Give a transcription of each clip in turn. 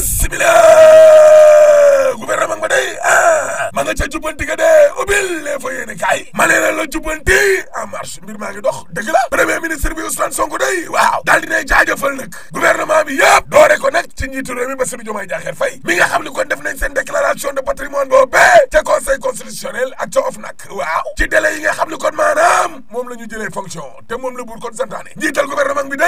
bis nga ca jubbanti ga dee ubil les fa yéene kaay ma nee la jubbanti en marche mbir maa ngi dox dëgg premier ministre bi Ousmane Sonko day waaw daal dinay jaajëfal nag gouvernement bi yëpp doore ko nag ci njiitu réew mi Bassirou Diomaye Diakhar mi nga xam ne kon def nañ seen déclaration de patrimoine boobu ca conseil constitutionnel ak ca OFNAC waaw ci délai yi nga xam ne kon maanaam moom la ñu jëlee fonction te moom la buur santaane njiital gouvernement bi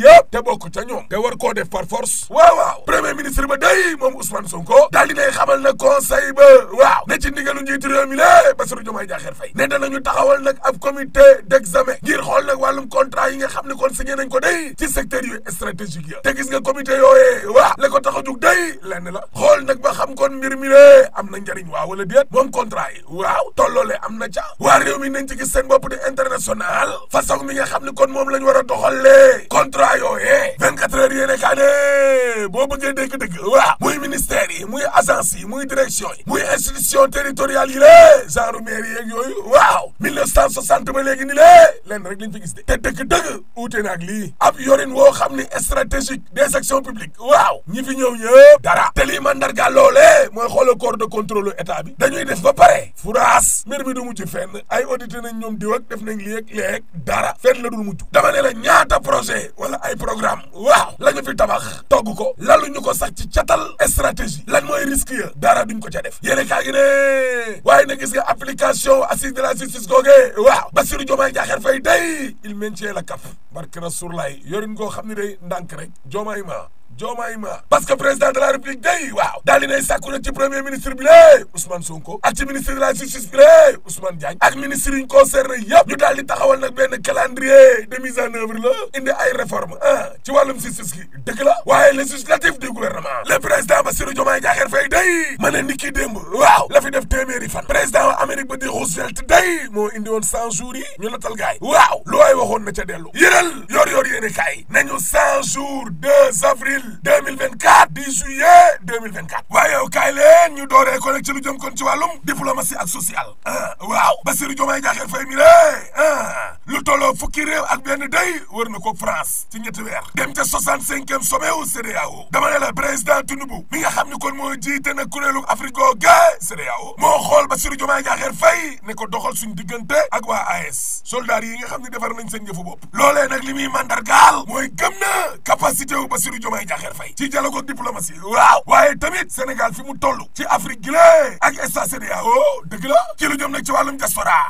a ñoom te war koo def par force waaw waaw premier ministre ba day moom Ousmane Sonko daal di nay xamal na conseil ba waaw ne ci ndigalu njiitu réew mi lé Bassirou Diomaye Diakhar Faye ne danañu taxawal nag ab comité d'examen ngir xool nag wàllum contrat yi nga xam ne kon signé nañ ko day ci secteur yu stratégique ya te gis nga comité yooyee waaw la ko tax a jug day lenn la xool nag ba xam kon mbir mi lé am na njariñ waaw wala déet moom contrat yi waaw tolloole am na ca waa réew mi nañ ci gis seen bopp di international façon mi nga xam ne kon moom lañ war a doxalee contrat yooyee yéene kaa ne boo bëggee dégg dëgg voilà muy ministère yi muy agence yi muy direction yi muy institution territoriale yi lée genre mairie yeeg yooyu waaw 1960 ba léegi ni lée lenn rek liñ fi gis de te dëgg dëgg uute na ak lii ab yorin woo xam ni stratégique des actions publiques waaw ñi fi ñëw ñëpp dara te lii mandarga loolee mooy xoola corps de contrôle état bi dañuy def ba pare furaas mbir mi du mujj fenn ay audité nañ ñoom diw ak def nañ lii ak lee ak dara fenn la dul mujj dama ne la ñaata projet wala ay programme waaw la ñu fi tabax togg ko lalu ñu ko sax ci catal stratégie lan mooy risque ya dara duñ ko ca def yéene kaa gi ne waaye na gis nga application assise de la justice googee waaw Bassirou Diomaye Diakhar Faye day il maintient la cap barke Rasoulaay yorin koo xam ne day ndànk rek Diomaye ma joomaay ma parce que président de la république day waaw daal di nay sàkku nag ci premier ministre bi lée Ousmane Sonko ak ci ministre de la justice bi lée Ousmane Diagne ak ministre yi ñu concerné ñu daal taxawal nag benn calendrier de mise en œuvre la indi ay réforme ah ci wàllum justice gi dëgg la waaye législatif du gouvernement le président Bassirou Diomaye Diakhar Faye day ma ne ni kii waaw la fi def téeméeri fan président Amérique ba di Roosevelt avril deux mille vingt quatre dix juillet deux mille vingt quatre waaye yow kaay leen ñu dooree ko nag ci lu jëm kon ci wàllum diplomatie ak sociale ah waaw Bassirou Diomaye Diakhar Faye mi ah lu tolloo fukki réew ak benn day war na ko France ci ñetti weer dem ca soixante cinquième sommet wu dama ne la président Tinubu mi nga xam ni kon moo jiite nag kuréelu Afrique googu CEDEAO moo xool Bassirou Diomaye Diakhar Faye ne ko doxal suñu diggante ak waa AES soldats yi nga xam ne defar nañ seen yëfu bopp loolee nag li muy mandargaal mooy gëm na capacité wu Jaxeer Fay ci dialogue ak diplomatie waaw waaye tamit Sénégal fi mu toll ci Afrique gi la ak état CEDEAO oh, dëgg la ci lu jëm nag ci wàllum diaspora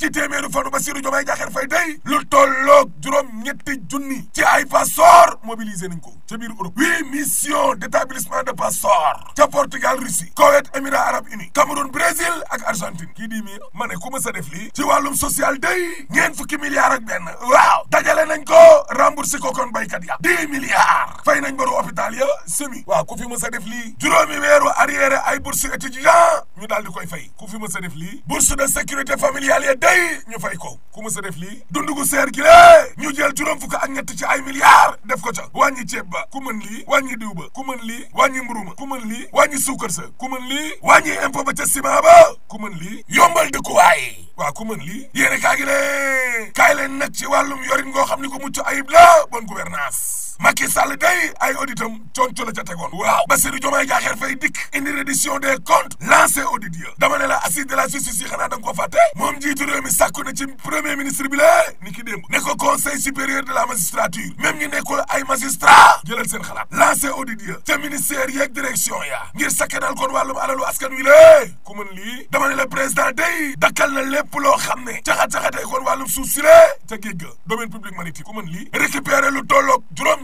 ci téeméeru fanu Bassirou Diomaye Diakhar Faye day lu tolloog juróom ñetti junni ci ay passeport mobilisé nañ ko ca biir Europe huit mission d'établissement de passeport ca Portugal Russie Koweït Émirats arabes unis Cameroun Brésil ak Argentine kii di ma ne ku ma def lii ci wàllum social day ñeen fukki milliards ak benn waaw dajale nañ ko remboursé ko kon béykat ya dix milliards fay nañ baru hôpital ya semi waaw ku fi ma def lii juróomi weeru arrière ay bourse day ñu fay ko ku sa def lii dund gu seer gi lée ñu jël juróom fukk ak ñett ci ay milliards def ko ca wàññi ceeb ba ku mën lii wàññi diw ba ku mën lii wàññi mburu ma ku mën lii wàññi suukar sa ku lii wàññi impôt ba ca ciment ba ku mën lii yombal dëkkuwaay waa ku mën lii yéene kaa gi ne kaay leen nag ci wàllum yorin ngoo xam ni ko mucc ayib la bonne gouvernance Macky Sall day ay auditam conco la ca tegoon waaw Bassirou Diomaye Diakhar Faye dikk indi reddition des comptes lancé audit ya dama la assise de la justice yi xanaa da nga ko fàtte moom jiitu réew mi sàkku na ci premier ministre bi la ni ki démb ne de la magistrature même ñi nekkul ay magistrat jëlal seen xalaat lancé audit ya ca ministère yeeg direction ya ngir sakkanal kon wàllum alalu askan wi lée lii dama la président day dakkal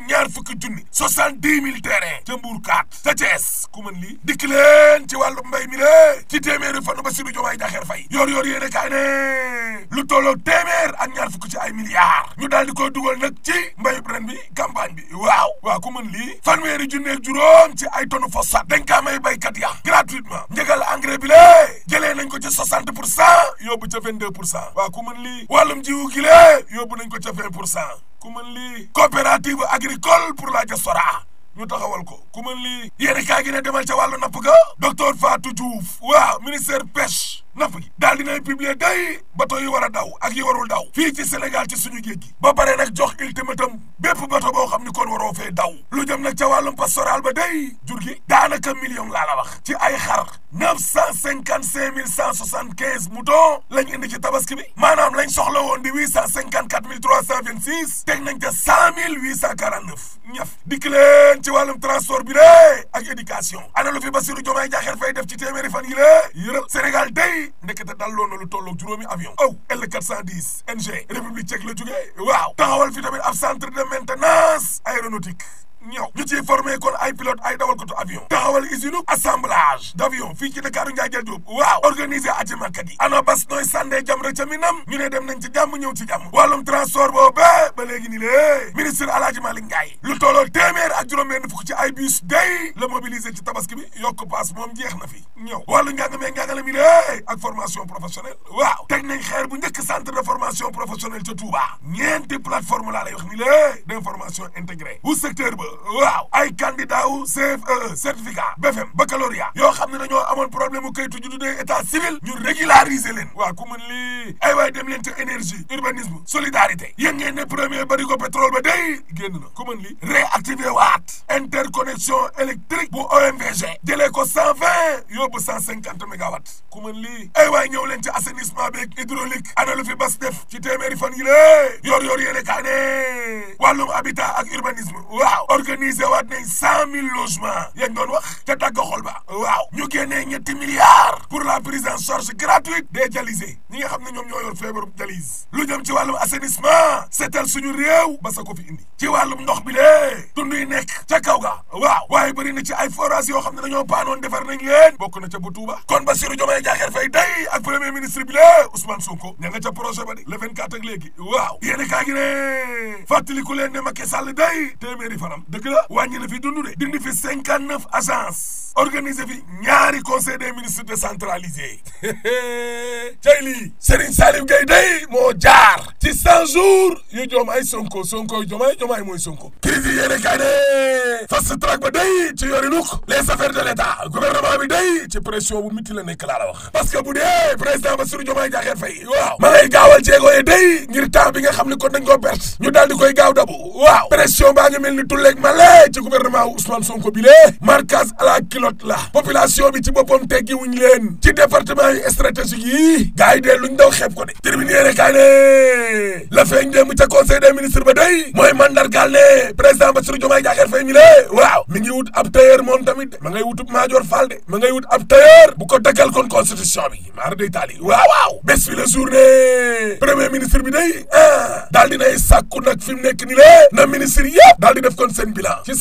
ñaar fukki junni soixante-dix mille terrain ca Mbour 4 ca Thiès ku mën lii dikk ci wàllu mbéy mi lé ci téeméeri fanu ba Bassirou Diomaye Diakhar Faye yoor yoor yéene kaay ne lu tolloo téeméer ak ñaar fukki ci ay milliards ñu daal di koy dugal nag ci mbéyub ren bi campagne bi waaw waaw ku mën lii fanweeri junni ak juróom ci ay tonne phosphate dañ kaa may béykat ya gratuitement njëgal engrais bi lée jëlee nañ ko ci soixante pour cent yóbbu ca vingt-deux pour cent waaw ku mën lii wàllum jiwu gi lée nañ ko ca pour cent ku mën lii coopérative agricole pour la diaspora ñu taxawal ko ku mën lii yéeni kaa gi ne demal ca wàllu napp ga docteur Fatou Diouf waaw ministère pêche napp gi daal dinay publier day bato yu war a daw ak yu warul daw fii ci Sénégal ci suñu géej gi ba pare nag jox ultimatum bépp bato boo xam ni kon waroo fee daw lu jëm nag ca wàllum pastoral ba day jur gi daanaka million laa la wax ci ay xar neuf cent cinquante cinq mille cent soixante quinze mouton lañ indi ci tabaski bi maanaam lañ soxla woon di huit cent cinquante quatre mille trois cent vingt six teg nañ ca cent mille huit cent quarante neuf ñaf dikk leen ci wàllum transport bi de ak éducation ana lu fi Bassirou Diomaye Diakhar Faye def téeméeri fan yi la yëral Sénégal bi ndekete dalloo na lu tolloog juróomi avion aw L410 NG république tchèque la jógee waaw taxawal fi tamit ab centre de maintenance aéronautique ñëw ñu ciy formé kon ay pilote ay dawalkatu avion taxawal usine assemblage d' fii ci Dakar Njaajal Jóob waaw organiser aji makkat yi ana bas jam rek ca minam ñu ne dem nañ ci jàmm ñëw ci jàmm wàllum transport boobu ba léegi ni lée ministre Alaaji Malick lu tolloo téeméer ak juróom-benn fukk ci ay bus day la mobiliser ci tabaski bi yokk paas moom jeex na fi ñëw wàllu njàng mee njàngale mi lée ak formation professionnelle ni lée d' information intégrée waaw ay candidat wu CFEE certificat BFM baccalauréat yoo xam ne dañoo amoon problème mu kayitu juddu de état civil ñu régulariser leen waaw ku mën lii ay waay dem leen ca énergie urbanisme solidarité yéen ngeen ne premier barigo pétrole ba day génn na ku mën lii réactiver waat interconnexion électrique bu OMVG jëlee ko san vingt yóbbu cent cinquante mégawatts ku mën lii ay waay ñëw leen ci assainissement beeg hydraulique ana lu fi bas def ci téeméeri fan yi la yor yor yéene kaa ne ak urbanisme organiser waat nañ cent mille logements yéen doon wax ca tàgg xol ba waaw ñu génnee ñetti milliards pour la prise en charge gratuite des dialysés ñi nga xam ne ñoom ñoo yor feebaru dialyse lu jëm ci wàllum assainissement seetal suñu réew ba sa ko fi indi ci wàllum ndox bi lee tund yi nekk ca kaw ga waaw waaye bëri na ci ay forage yoo xam ne dañoo paanoon defar nañ leen bokk na ca bu Tuuba kon Bassirou Diomaye Diakhar Faye day ak premier ministre bi lee Ousmane ña nga ca projet ba leen ne Macky Sall day téeméeri fanam dëgg la wàññi na fi dund de dindi fi cinquante neuf agence organiser fi ñaari conseil ministre de décentralisé tey lii Serigne Salif Gueye day moo jaar ci 100 jours yu Diomaye Sonko Sonko Diomaye Diomaye mooy Sonko crise yi yéene kay ne fast track ba day ci yori nuk les affaires de l'État gouvernement bi day ci pression bu miti la nekk laa la wax parce que bu dee président Bassirou Diomaye Diakhar Faye waaw ma ngay gaawal jéego yi day ngir temps bi nga xam ne kon dañ ko perte ñu daal di koy gaaw dabu waaw pression baa ngi mel ni tulleeg male ci lot bi ci boppam teggi wuñ leen ci département yi stratégique yi gars yi dee luñ ko de tribune yéene kaay ne la feeñ démb ca conseil des ministres ba day mooy mandargaal ne président Bassirou Diomaye Diakhar Faye mi le waaw mi ngi wut ab tailleur moom tamit de ma ngay wutub Madior Fall de ma ngay wut ab tailleur bu ko dakkal kon constitution bi maar day taali waaw waaw bés fi la journée premier ministre bi day ah daal dinay sàkku nag fi mu nekk ni le na ministre yëpp daal di def kon seen bilan ci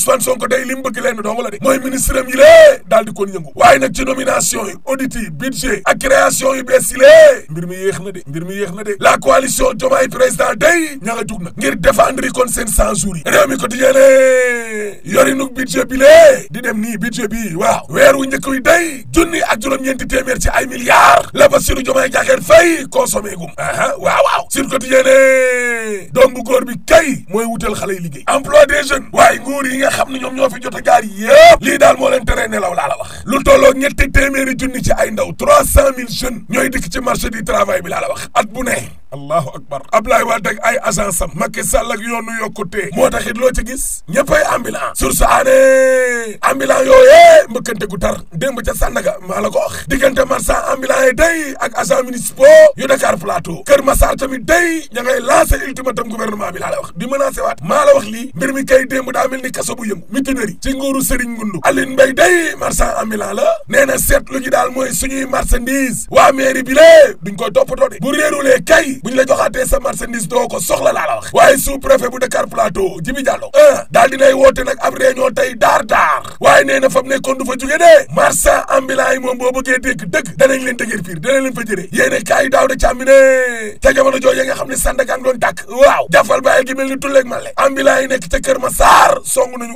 cent Ousmane Sonko day li mu bëgg leen dong la de mooy ministre am yi lée di kon yëngu waaye na ci nomination yi audit yi budget ak création yu bees yi lée mbir mi yéex na de mbir mi yéex na de la coalition Diomaye président day ña nga nag ngir défendre kon seen cent jours yi réew mi quotidien ne yorinuk budget bi lée di dem nii budget bi waaw weer wu njëkk wi day junni ak juróom-ñeenti téeméer ci ay milliards la Bassirou Diomaye Diakhar Faye consommé gum aha waaw waaw sur quotidien ne mooy wutal xale yi liggéey des jeunes waaye nguur yi nga xam xam ne ñoom ñoo fi jot a gaar yëpp lii daal moo leen tere nelaw laa la wax lu tolloo ñetti téeméeri junni ci ay ndaw trois cent mille jeunes ñooy dikk ci marché du travail bi la wax at bu allahu akbar Ablaye Wade ak ay agence sam Macky Sall ak yoonu moo taxit loo ci gis ñëppay ambulance sur sa aane ambulance yooyee mbëkkante gu tar démb Sandaga maa la wax diggante marchand ambulant yi day ak agent municipaux yu Dakar Plateau Kër Massar tamit day ña laa la kon mutinerie ci nguuru Serigne Ngundu Aline Mbaye day marchand ambulant la nee seet lu gi daal mooy suñuy marchandise waa mairie bi lee duñ koy toppatoo de bu réerulee kay buñ la joxaatee sa marchandise doo ko soxla laa la wax waaye sous préfet bu Dakar Plateau Jibi Diallo ah daal dinay woote nag ab réunion tey daar daar waaye nee na fam nekkoon du fa jóge de marchand ambulant yi moom boo bëggee dégg dëgg danañ leen dëgër piir danañ leen fa jëre yéene kaay daaw da càmbi ne xam ne sandakaan doon tàkk waaw jafal bàyyi gi mel ni tulleeg male ambulant yi nekk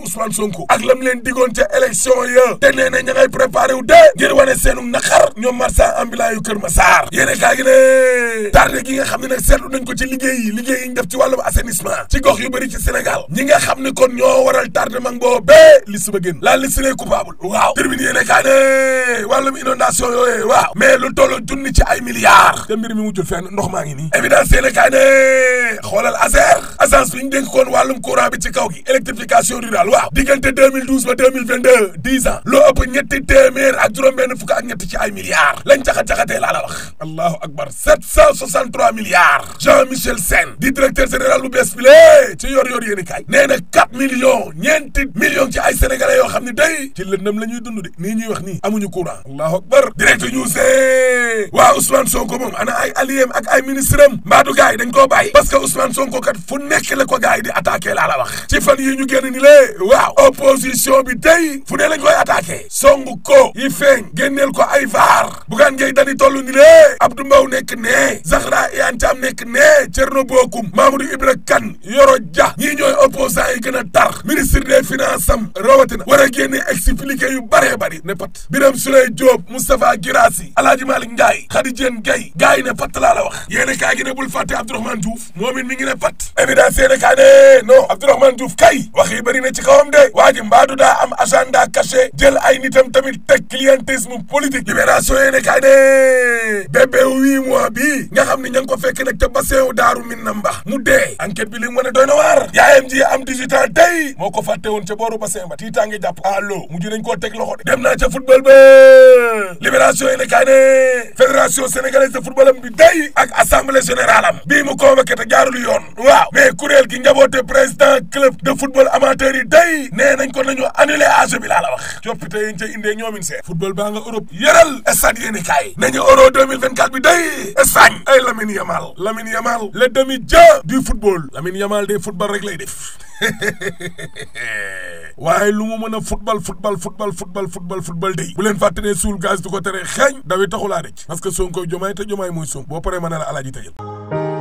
Ousmane Sonko ak lam leen digoon ca élection ya te nee na ña ngay préparé wu de ngir wane seenu naqar ñoom marchand ambulant yu Kër Massar yéene kaa gi ne tardé gi nga xam ne nag seetlu nañ ko ci liggéey yi liggéey yi ñu def ci wàllum assainissement ci gox yu bëri ci Sénégal ñi nga xam ne kon ñoo waral tardement boobee liste ba génn la liste les coupables waaw tribune yéene kaa ne wàllum inondation yooyee waaw mais lu tollu junni ci ay milliards te mbir mi mujjul fenn ndox maa ngi nii évidence yéene kaa ne xoolal ASER agence bi ñu dénk koon wàllum courant bi ci kaw gi électrification rurale waaw diggante 2012 ba 2022 10 ans loo ëpp ñetti téeméer ak juróom-benn fukk ak ñetti ci ay milliards lañ caxa-caxatee laa la wax allahu akbar 763 milliards Jean Michel Sène di directeur général bu bees bi ci yor yor yéeni kaay nee na 4 ñeenti millions ci ay sénégalais yoo xam ne day ci lëndëm la ñuy dund de nii ñuy wax ni amuñu courant allahu akbar direct news eh. waa Ousmane Sonko moom ana ay alliés ak ay ministre am que Ousmane waaw opposition bi day fu ne lañ koy attaqué song ko yi feeñ génneel ko ay vaar bugaan ngay dani toll ni lée Abdou Mbow nekk nee Zahra Iyane Thiam nekk nee Thierno Bocoum Mamadou Ibra Kane Yoro Dia ñii ñooy opposants yi gën a tar ministre des finances am rawatina war a génne expliqué yu bëree bëri ne pat Birame Souleye Diop Moustapha Guirassy Alaaji Malick Ndiaye Khady Diène Gaye gars yi ne pat laa la wax yéene kaa gi ne bul fàtte Abdourahmane Diouf moom it ne pat évidence yéene kaa loxoom de waa ji mbaadu daa am agenda caché jël ay nitam tamit teg clientélisme politique libération yéene kaay de bébé huit bi nga xam ne ña ngi ko fekk nag ca bassin daaru min na mbax mu dee enquête bi li mu a doy na waar yaayam ji am 18 ans moo ko fàtte woon ca booru bassin ba tiitaange jàpp allo mujj nañ koo teg loxo de dem naa ca football ba libération yéene kaay de fédération sénégalaise de football am bi day ak assemblée générale am bii mu convoqué te jaarul yoon waaw mais gi njaboote président club de football amateur yi day day nee nañ ko nañu annulé âge bi laa la wax coppite yi ñu ca ñoomin see football baa nga Europe yëral stade yéen i kaay nañu euro 2024 bi day Espagne ay Lamine Yamal Lamine Yamal le demi-dieu du football Lamine Yamal day football rek lay def waaye lu mu mën a football football football football football football day bu leen fàtte ne suul gaz du ko tere xeeñ dawi taxulaa rëcc parce que Sonko jomaay te jomaay mooy Sonko boo paree ma ne la alaaji